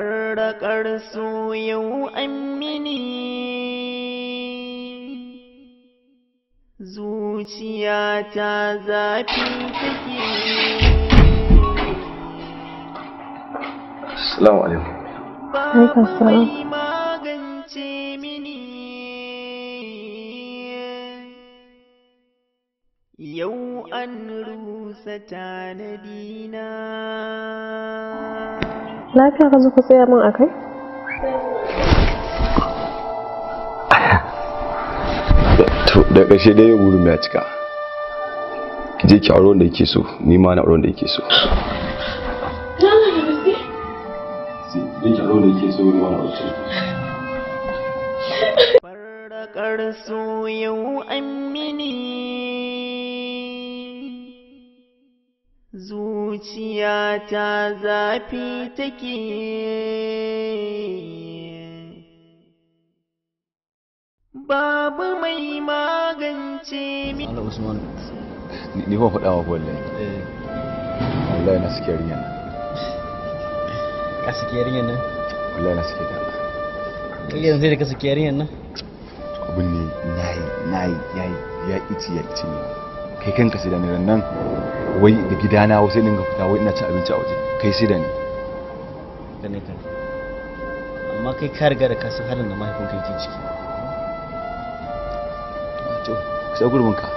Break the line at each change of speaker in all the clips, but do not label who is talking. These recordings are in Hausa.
raƙar so yau amini zuciya ta zafi take Assalamu alaikum. Alaikum Yau an rusa tanadina. lafiya ka zo ku tsaya min akai to da ƙarshe dai yau burin ya cika ki je ki aure wanda yake so ni ma na aure wanda yake so Farraƙar so yau an zuciya ta zafi take babu mai magance mi Allah Usman ni ba faɗa wa wallahi eh wallahi na suke riyan ka suke riyan nan wallahi na suke da Allah yanzu da ka suke riyan nan abin ne nayi nayi yayi ya ici ya ici ne kai kanka sai da ni nan wai da gidana wai wasu dinga fita wai ina ci abinci a waje kai sai da ni da ne kan amma kai ka riga da ka san halin da mahaifin kai ke ciki to sai gurbin ka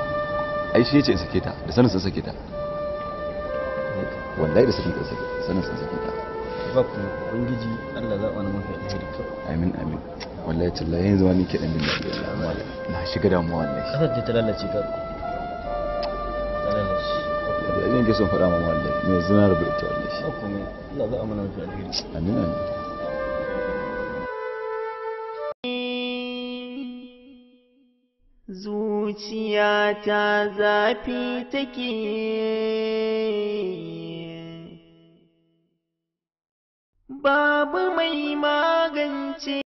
ai shi yace in sake ta da sanin sun sake ta wallahi da sanin sun sake ta sanin sun sake ta ba ku ubangiji Allah zaɓa wani mafi alheri kawai amin amin wallahi tallahi yanzu wani ke dan bin da na shiga damuwa wallahi kasar ta lalace ka abin ke son faɗa ma wallahi ne zina shi ita wallahi Allah za a mana mafi alheri amin amin zuciya ta zafi take babu mai magance